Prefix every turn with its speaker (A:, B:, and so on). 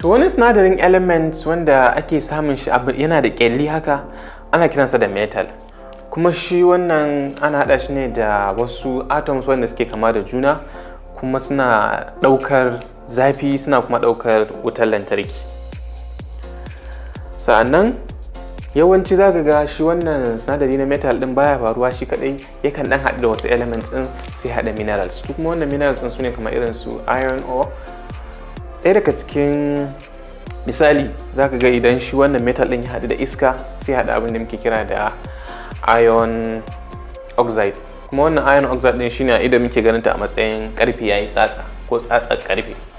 A: to wani sinadarin element wanda ake samun shi yana da kyalli haka ana kiransa da metal kuma shi wannan ana haɗa shi ne da wasu atoms wanda suke kama da juna kuma suna ɗaukar zafi suna kuma ɗaukar wutar lantarki sa'annan yawanci za ga shi wannan sinadari na metal ɗin baya faruwa shi kaɗai yakan ɗan haɗu da wasu elements ɗin sai haɗa minerals kuma wannan minerals ɗin su ne kamar irin su iron ore ɗaya daga cikin misali za ka ga idan shi wannan metal ɗin ya haɗu da iska sai haɗa abin da muke kira da iron oxide kuma wannan iron oxide ɗin shine a idan muke ganin ta a matsayin ƙarfe yayi tsatsa ko tsatsar ƙarfe